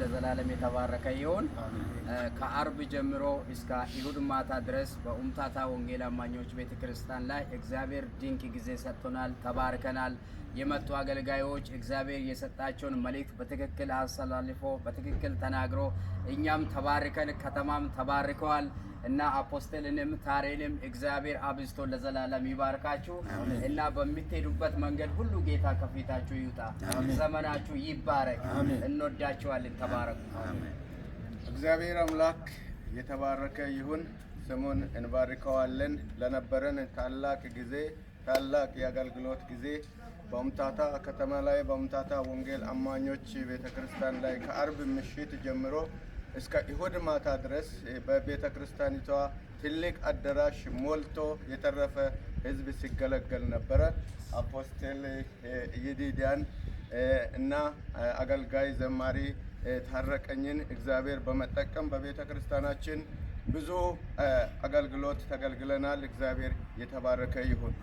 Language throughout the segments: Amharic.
ለዘላለም የተባረከ ይሁን። ከአርብ ጀምሮ እስከ ይሁድ ማታ ድረስ በኡምታታ ወንጌል አማኞች ቤተ ክርስቲያን ላይ እግዚአብሔር ድንቅ ጊዜ ሰጥቶናል። ተባርከናል። የመጡ አገልጋዮች እግዚአብሔር የሰጣቸውን መልእክት በትክክል አስተላልፎ በትክክል ተናግሮ እኛም ተባርከን ከተማም ተባርከዋል። እና አፖስትልንም ታሬንም እግዚአብሔር አብዝቶ ለዘላለም ይባርካችሁ እና በምትሄዱበት መንገድ ሁሉ ጌታ ከፊታችሁ ይውጣ፣ ዘመናችሁ ይባረክ። እንወዳችኋልን። ተባረኩ። እግዚአብሔር አምላክ የተባረከ ይሁን። ስሙን እንባርከዋለን። ለነበረን ታላቅ ጊዜ ታላቅ የአገልግሎት ጊዜ በምታታ ከተማ ላይ በምታታ ወንጌል አማኞች ቤተ ክርስቲያን ላይ ከአርብ ምሽት ጀምሮ እስከ እሁድ ማታ ድረስ በቤተ ክርስቲያኒቷ ትልቅ አዳራሽ ሞልቶ የተረፈ ህዝብ ሲገለገል ነበረ። አፖስትል ይዲዲያን እና አገልጋይ ዘማሪ ታረቀኝን እግዚአብሔር በመጠቀም በቤተ ክርስቲያናችን ብዙ አገልግሎት ተገልግለናል። እግዚአብሔር የተባረከ ይሁን።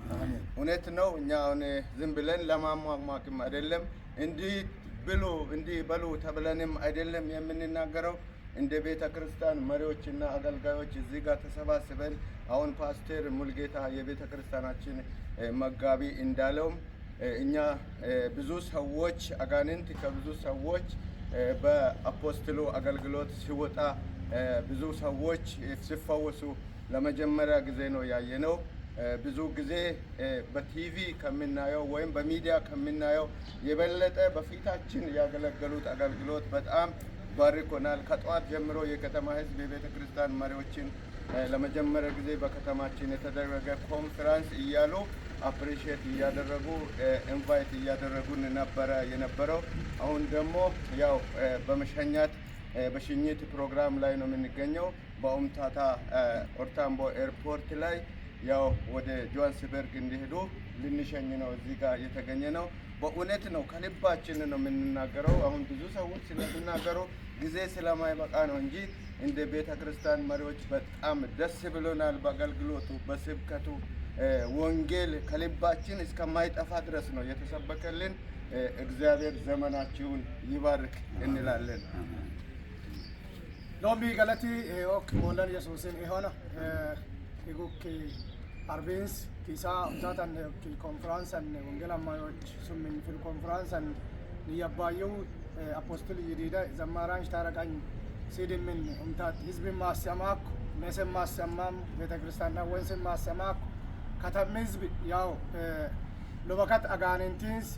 እውነት ነው። እኛ አሁን ዝም ብለን ለማሟሟቅም አይደለም እንዲህ ብሉ እንዲህ በሉ ተብለንም አይደለም የምንናገረው እንደ ቤተ ክርስቲያን መሪዎችና አገልጋዮች እዚህ ጋር ተሰባስበን አሁን ፓስተር ሙልጌታ የቤተ ክርስቲያናችን መጋቢ እንዳለውም እኛ ብዙ ሰዎች አጋንንት ከብዙ ሰዎች በአፖስትሎ አገልግሎት ሲወጣ ብዙ ሰዎች ሲፈወሱ ለመጀመሪያ ጊዜ ነው ያየነው። ብዙ ጊዜ በቲቪ ከምናየው ወይም በሚዲያ ከምናየው የበለጠ በፊታችን ያገለገሉት አገልግሎት በጣም ባርኮናል። ከጠዋት ጀምሮ የከተማ ህዝብ የቤተ ክርስቲያን መሪዎችን ለመጀመሪያ ጊዜ በከተማችን የተደረገ ኮንፍራንስ እያሉ አፕሪሼት እያደረጉ ኢንቫይት እያደረጉን ነበረ የነበረው። አሁን ደግሞ ያው በመሸኛት በሽኝት ፕሮግራም ላይ ነው የምንገኘው በኡምታታ ኦርታምቦ ኤርፖርት ላይ ያው ወደ ጆሃንስበርግ እንዲሄዱ ልንሸኝ ነው እዚህ ጋር የተገኘ ነው። በእውነት ነው፣ ከልባችን ነው የምንናገረው። አሁን ብዙ ሰዎች ስለምናገሩ ጊዜ ስለማይበቃ ነው እንጂ እንደ ቤተ ክርስቲያን መሪዎች በጣም ደስ ብሎናል። በአገልግሎቱ፣ በስብከቱ ወንጌል ከልባችን እስከማይጠፋ ድረስ ነው የተሰበከልን። እግዚአብሔር ዘመናችሁን ይባርክ እንላለን። ሎሚ ገለቲ ኦክ ሞለን የሱስን የሆነ ጉክ Arbiinis isaa utaataan konfiraansan wongela ammayoch summin fil konfiraansan niyabaayyuu apostol yidiida zammaaraanሽ ታረቃኝ ሲድምን እምታት ህዝብን ማሰማኩ ሜስን ማሰማም ቤተ ክርስቲያንና ወንስን ማሰማኩ ከተም ህዝብ ያው ሎበከት አጋንንቲንስ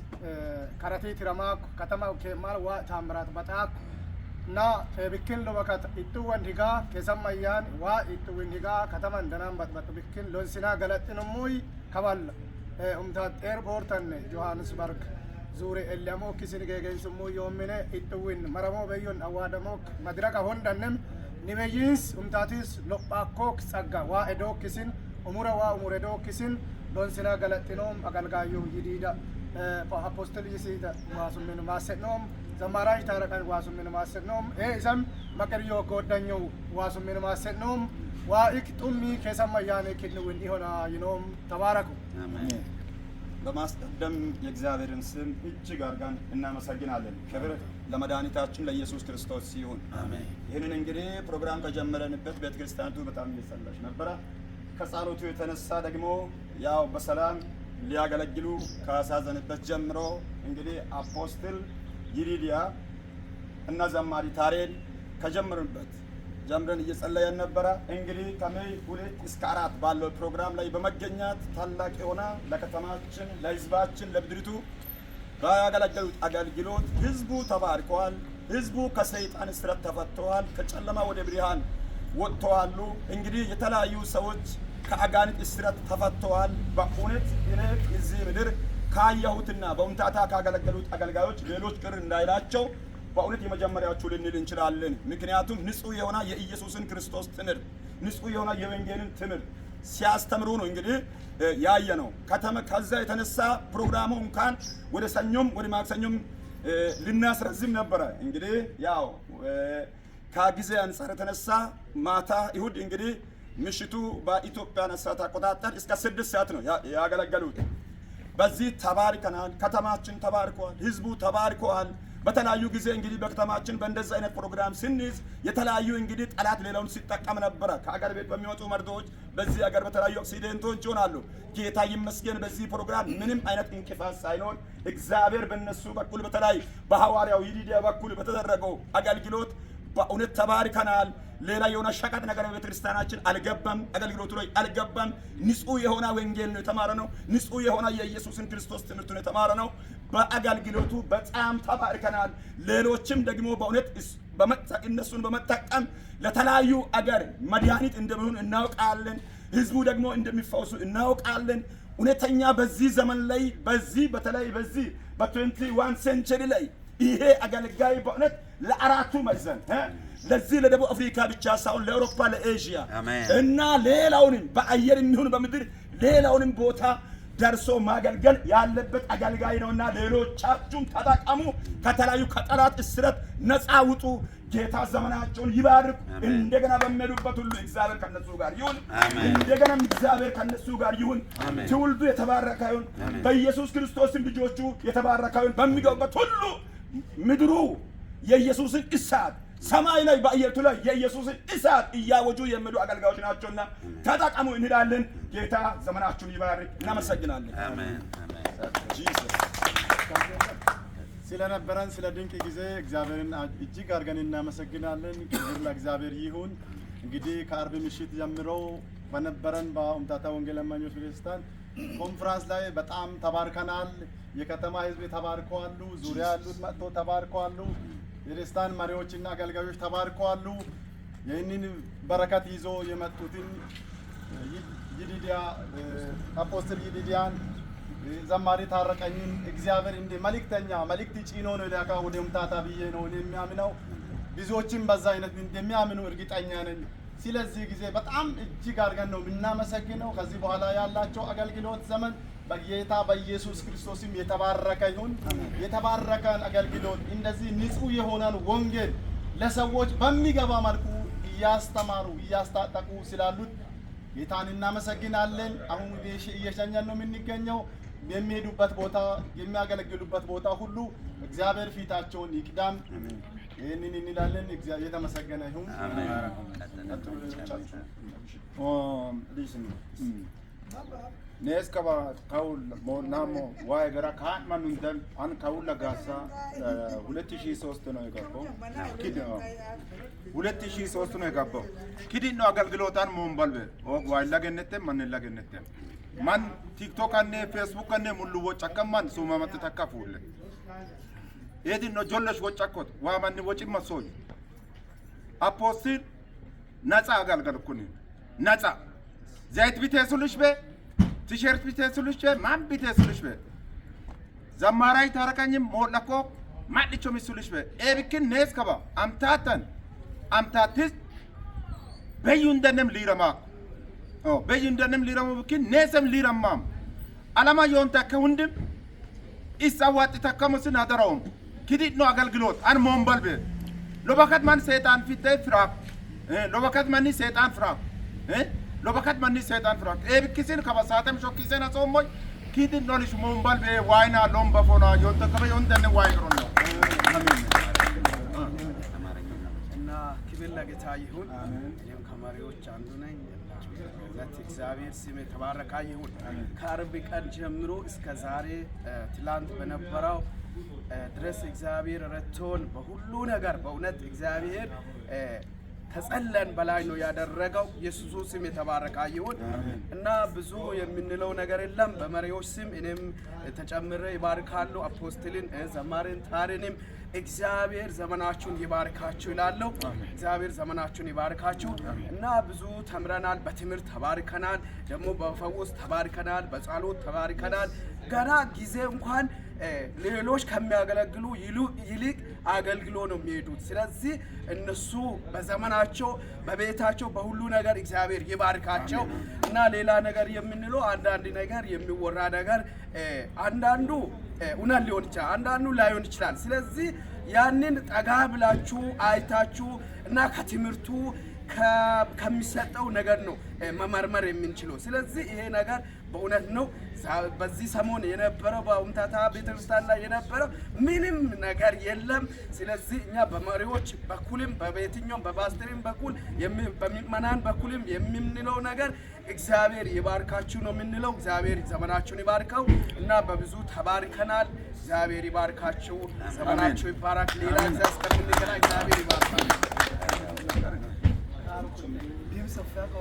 ከረቴ ትረማኩ ከተማ ኬማል ዋ ታምራት በጣኩ እና ብክል በከት ኢጡወን ሂጋ ከሰማያን ዋ ኢጡወን ሂጋ ከተማን ደናን በጥበጥ ብክል ሎንሲና ገለጥን ሙይ ከባል ሁምታት ኤርፖርተን ጆሃንስበርግ ዙሪ ኤለሞ ኪስን ጌገንስ ሙይ ዮምነ ኢጡወን መረሞ በዮን አዋደሞክ መድረቀ ሆንደንም ኒበይንስ ሁምታቲስ ሎጳኮክ ጸጋ ዋ ኤዶ ኪስን ኡሙረ ዋ ኡሙረ ዶ ኪስን ሎንሲና ገለጥኖም አገልጋዩ ይዲዳ አፖስትል ይሲ ዋሱሚን ማሰኖም ዘማራጅ ታረቀን ዋሱሚን ማሰኖም ኤሰም መቀርዮ ጎደኘው ዋሱሚን ማሰኖም ዋኢክ ጡሚ ከሰማ ያኔ ክልው እንዲሆና ይኖም ተባረኩ። በማስቀደም የእግዚአብሔርን ስም እጅግ አድርጋን እናመሰግናለን። ክብር ለመድኃኒታችን ለኢየሱስ ክርስቶስ ሲሆን ይህንን እንግዲህ ፕሮግራም ከጀመረንበት ቤተክርስቲያኒቱ በጣም እየጸለች ነበረ። ከጸሎቱ የተነሳ ደግሞ ያው በሰላም ሊያገለግሉ ካሳዘንበት ጀምሮ እንግዲህ አፖስትል ይሪዲያ እና ዘማሪ ታሬን ከጀምርበት ጀምረን እየጸለየን ነበረ። እንግዲህ ከሜይ ሁለት እስከ አራት ባለው ፕሮግራም ላይ በመገኘት ታላቅ የሆነ ለከተማችን፣ ለህዝባችን፣ ለምድሪቱ ባገለገሉት አገልግሎት ህዝቡ ተባርከዋል። ህዝቡ ከሰይጣን እስረት ተፈተዋል። ከጨለማ ወደ ብርሃን ወጥተዋሉ። እንግዲህ የተለያዩ ሰዎች ከአጋንንት እስራት ተፈተዋል። በእውነት እኔ እዚህ ምድር ካየሁትና በውንታታ ካገለገሉት አገልጋዮች ሌሎች ቅር እንዳይላቸው በእውነት የመጀመሪያዎቹ ልንል እንችላለን። ምክንያቱም ንጹሕ የሆነ የኢየሱስን ክርስቶስ ትምህርት ንጹሕ የሆነ የወንጌልን ትምህርት ሲያስተምሩ ነው እንግዲህ ያየ ነው። ከዛ የተነሳ ፕሮግራሙ እንኳን ወደ ሰኞም ወደ ማክሰኞም ልናስረዝም ነበረ። እንግዲህ ያው ከጊዜ አንጻር የተነሳ ማታ ይሁድ እንግዲህ ምሽቱ በኢትዮጵያ ሰዓት አቆጣጠር እስከ ስድስት ሰዓት ነው ያገለገሉት። በዚህ ተባርከናል። ከተማችን ተባርከዋል። ህዝቡ ተባርከዋል። በተለያዩ ጊዜ እንግዲህ በከተማችን በእንደዚህ አይነት ፕሮግራም ስንይዝ የተለያዩ እንግዲህ ጠላት ሌላውን ሲጠቀም ነበረ። ከአገር ቤት በሚወጡ መርዶዎች፣ በዚህ አገር በተለያዩ ኦክሲደንቶች ይሆናሉ። ጌታ ይመስገን በዚህ ፕሮግራም ምንም አይነት እንቅፋት ሳይኖር እግዚአብሔር በእነሱ በኩል በተለይ በሐዋርያው ይዲዲያ በኩል በተደረገው አገልግሎት በእውነት ተባርከናል። ሌላ የሆነ ሸቀጥ ነገር በቤተ ክርስቲያናችን አልገባም፣ አገልግሎቱ ላይ አልገባም። ንጹህ የሆነ ወንጌል ነው የተማረ ነው። ንጹህ የሆነ የኢየሱስን ክርስቶስ ትምህርት ነው የተማረ ነው። በአገልግሎቱ በጣም ተባርከናል። ሌሎችም ደግሞ በእውነት እነሱን በመጠቀም ለተለያዩ አገር መድኃኒት እንደሚሆን እናውቃለን። ህዝቡ ደግሞ እንደሚፈውሱ እናውቃለን። እውነተኛ በዚህ ዘመን ላይ በዚህ በተለይ በዚህ በትዌንቲ ዋን ሴንቸሪ ላይ ይሄ አገልጋይ በእውነት ለአራቱ መዘን ለዚህ ለደቡብ አፍሪካ ብቻ ሳይሆን ለአውሮፓ፣ ለኤዥያ እና ሌላውንም በአየር የሚሆን በምድር ሌላውንም ቦታ ደርሶ ማገልገል ያለበት አገልጋይ ነውና ሌሎቻችሁም ተጠቀሙ። ከተለያዩ ከጠላት እስረት ነፃ ውጡ። ጌታ ዘመናቸውን ይባርክ። እንደገና በሚሄዱበት ሁሉ እግዚአብሔር ከነሱ ጋር ይሁን። እንደገናም እግዚአብሔር ከነሱ ጋር ይሁን። ትውልዱ የተባረከ ይሁን። በኢየሱስ ክርስቶስም ልጆቹ የተባረከ ይሁን። በሚገቡበት ሁሉ ምድሩ የኢየሱስን እሳት ሰማይ ላይ በአየርቱ ላይ የኢየሱስን እሳት እያወጁ የሚሉ አገልጋዮች ናቸውና ተጠቀሙ እንላለን። ጌታ ዘመናችሁን ይባርክ። እናመሰግናለን ስለነበረን ስለ ድንቅ ጊዜ እግዚአብሔርን እጅግ አድርገን እናመሰግናለን። ክብር ለእግዚአብሔር ይሁን። እንግዲህ ከአርብ ምሽት ጀምሮ በነበረን በአምታታ ወንጌል አማኞች ቤተክርስቲያን ኮንፍራንስ ላይ በጣም ተባርከናል። የከተማ ህዝብ ተባርከዋሉ። ዙሪያ ያሉት መጥቶ ተባርከዋሉ። የደስታን መሪዎችና አገልጋዮች ተባርከዋሉ። ይህንን በረከት ይዞ የመጡትን ይዲዲያ አፖስትል ይዲዲያን ዘማሪ ታረቀኝን እግዚአብሔር እንደ መልእክተኛ መልእክት ጭኖ ነው ላካ ወደ ምታታ ብዬ ነው የሚያምነው። ብዙዎችም በዛ አይነት እንደሚያምኑ እርግጠኛ ነኝ። ስለዚህ ጊዜ በጣም እጅግ አድርገን ነው የምናመሰግነው። ከዚህ በኋላ ያላቸው አገልግሎት ዘመን በጌታ በኢየሱስ ክርስቶስም የተባረከ ይሁን። የተባረከን አገልግሎት እንደዚህ ንጹህ የሆነን ወንጌል ለሰዎች በሚገባ መልኩ እያስተማሩ እያስታጠቁ ስላሉት ጌታን እናመሰግናለን። አሁን እየሸኘን ነው የምንገኘው። የሚሄዱበት ቦታ የሚያገለግሉበት ቦታ ሁሉ እግዚአብሔር ፊታቸውን ይቅዳም። ይህንን እንላለን። እግዚአብሔር የተመሰገነ ይሁን። ኔስከባ ከውል ሞናሞ ዋይ ገራ ከአን ማኑንተን አን ከውል ለጋሳ ሁለት ሺህ ሶስት ነው የገባው ኪድ ሁለት ሺህ ሶስት ነው የገባው ኪድ ነው አገልግሎታን ሞንበልበ ኦግ ዋይ ለገነተ ማን ለገነተ ማን ቲክቶክ አነ ፌስቡክ አነ ሙሉ ወጫ ከማን ሱማመት ተካፉል ኤድኖ ጆለሽ ወጫኮት ዋማኒ ወጪ መሶኝ አፖስቲን ነፃ አጋልገልኩኒ ነፃ ዘይት ቢቴሱልሽ ቤ ቲሸርት ቢቴሱልሽ ቤ ማን ቢቴሱልሽ ቤ ዘማራይ ታረቀኝም ሞለኮ ማልቾ ሚሱልሽ ቤ ኤብክን ኔስ ከባ አምታተን አምታትስ በዩ እንደነም ሊረማ ኦ በዩ እንደነም ሊረሙ ብክን ኔሰም ሊረማም አላማ የሆንታ ከሁንድም ኢሳዋጥ ተከሙስን አደረውም ኪዲድ ነው አገልግሎት አን ሞምበል ሎበከት ማን ሰይጣን ፊቴ ፍራክ ሎበከት ማን ሰይጣን ፍራክ ሎበከት ማን ሰይጣን ፍራክ ኤብክሲን ከበሳተም ሾኪሰን አጾሞይ ኪዲድ ነው ልሽ ሞምበል ዋይና ሎም ዮንተ ከበ ዮንተ ነው ዋይ ነው ክብር ለጌታ ይሁን። እኔም ከመሪዎች አንዱ ነኝ። እውነት እግዚአብሔር ስም የተባረከ ይሁን። ከአርብ ቀን ጀምሮ እስከ ዛሬ ትላንት በነበረው ድረስ እግዚአብሔር ረድቶን በሁሉ ነገር በእውነት እግዚአብሔር ተጸለን በላይ ነው ያደረገው። የሱሱ ስም የተባረከ ይሁን እና ብዙ የምንለው ነገር የለም። በመሪዎች ስም እኔም ተጨምረ ይባርካሉ። አፖስትልን፣ ዘማሪን፣ ታሪንም እግዚአብሔር ዘመናችሁን ይባርካችሁ ይላለሁ። እግዚአብሔር ዘመናችሁን ይባርካችሁ እና ብዙ ተምረናል። በትምህርት ተባርከናል፣ ደግሞ በፈውስ ተባርከናል፣ በጸሎት ተባርከናል። ገና ጊዜ እንኳን ሌሎች ከሚያገለግሉ ይልቅ አገልግሎ ነው የሚሄዱት። ስለዚህ እነሱ በዘመናቸው በቤታቸው በሁሉ ነገር እግዚአብሔር ይባርካቸው እና ሌላ ነገር የምንለው አንዳንድ ነገር የሚወራ ነገር አንዳንዱ እውነት ሊሆን ይችላል፣ አንዳንዱ ላይሆን ይችላል። ስለዚህ ያንን ጠጋ ብላችሁ አይታችሁ እና ከትምህርቱ ከሚሰጠው ነገር ነው መመርመር የምንችለው። ስለዚህ ይሄ ነገር በእውነት ነው። በዚህ ሰሞን የነበረው በአሁንታታ ቤተክርስቲያን ላይ የነበረው ምንም ነገር የለም። ስለዚህ እኛ በመሪዎች በኩልም በቤትኛውም በፓስተርም በኩል በምዕመናን በኩልም የምንለው ነገር እግዚአብሔር ይባርካችሁ ነው የምንለው። እግዚአብሔር ዘመናችሁን ይባርከው እና በብዙ ተባርከናል። እግዚአብሔር ይባርካችሁ፣ ዘመናችሁ ይባረክ። ሌላ ጊዜ እስከምንገናኝ እግዚአብሔር ይባርካል። dhiimsa uffata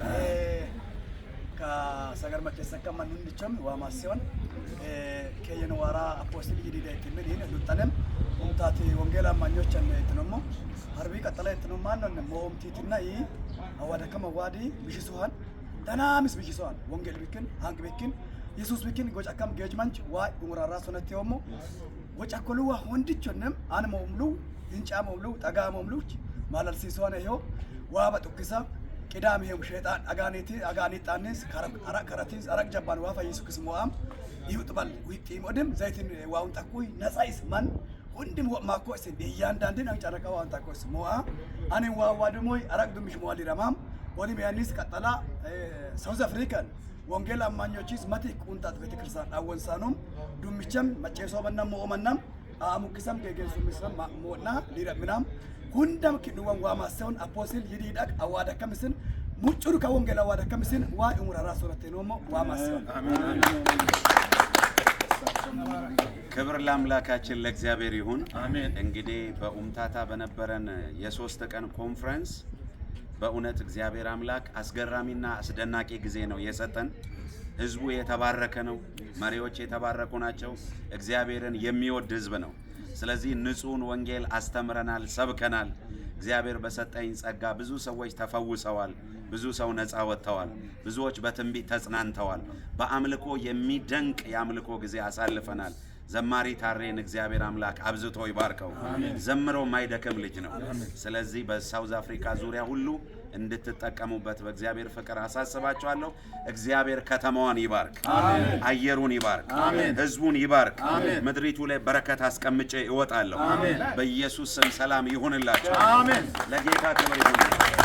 yookaan sagarma keessa qaban hundi chum waa maasiyoon keeyyan waaraa appoostilii hidhiidha ittiin midhiin duttanem humtaati wongeelaa maanyochan ittinommo harbii qaxala ittinommaannon moomtiitinna i awaadakama waadi bishisuhan danaamis bishisuhan wongeel bikkin hanq bikkin yesuus bikkin gocakam geejmanch waa umurarraa sonatti homo gocakkoluu waa hondichonnem anmoomluu hincaamomluu dhagaamomluuch maalalsiisuun yoo waaba tukkisa qidaam heemu sheexaan agaaniiti agaaniixxaanis karatiis araq jabbaan waa fayyisu kismu'aam ይውጥባል ውይጢም ወደም ዘይትን ዋውን ጠቁይ ነጻይስ ማን ሁንድም ወማኮ እስ እያንዳንድን አንጫረቃ ዋውን ጠቆስ ሞአ አኔ ዋዋ ደሞይ አራቅ ድምሽ ሞዋል ይረማም ወዲም ያኒስ ቀጠላ ሳውዝ አፍሪካን ወንጌል አማኞችስ መቲ ቁንጣት ቤተክርስቲያን አወንሳኑም ዱምቸም መጨሶ በና ሞኦመናም አሙክሰም ገገሱ ምስም ሞና ሊረምናም ሁንዳም ኪዱዋን ዋማሰውን አፖስል ይዲዳቅ አዋዳ ከምስን ሙጭሩ ከወንጌል አዋዳ ከምስን ዋ እሙራራ ሶረቴ ኖሞ ዋማሰውን ክብር ለአምላካችን ለእግዚአብሔር ይሁን። እንግዲህ በኡምታታ በነበረን የሶስት ቀን ኮንፈረንስ በእውነት እግዚአብሔር አምላክ አስገራሚና አስደናቂ ጊዜ ነው የሰጠን። ህዝቡ የተባረከ ነው። መሪዎች የተባረኩ ናቸው። እግዚአብሔርን የሚወድ ህዝብ ነው። ስለዚህ ንጹህን ወንጌል አስተምረናል፣ ሰብከናል። እግዚአብሔር በሰጠኝ ጸጋ ብዙ ሰዎች ተፈውሰዋል። ብዙ ሰው ነፃ ወጥተዋል። ብዙዎች በትንቢት ተጽናንተዋል። በአምልኮ የሚደንቅ የአምልኮ ጊዜ አሳልፈናል። ዘማሪ ታሬን እግዚአብሔር አምላክ አብዝቶ ይባርከው። ዘምሮ ማይደክም ልጅ ነው። ስለዚህ በሳውዝ አፍሪካ ዙሪያ ሁሉ እንድትጠቀሙበት በእግዚአብሔር ፍቅር አሳስባችኋለሁ። እግዚአብሔር ከተማዋን ይባርክ፣ አየሩን ይባርክ፣ ህዝቡን ይባርክ። ምድሪቱ ላይ በረከት አስቀምጬ እወጣለሁ። በኢየሱስ ስም ሰላም ይሁንላቸው። ለጌታ ክብር ይሁንላቸው።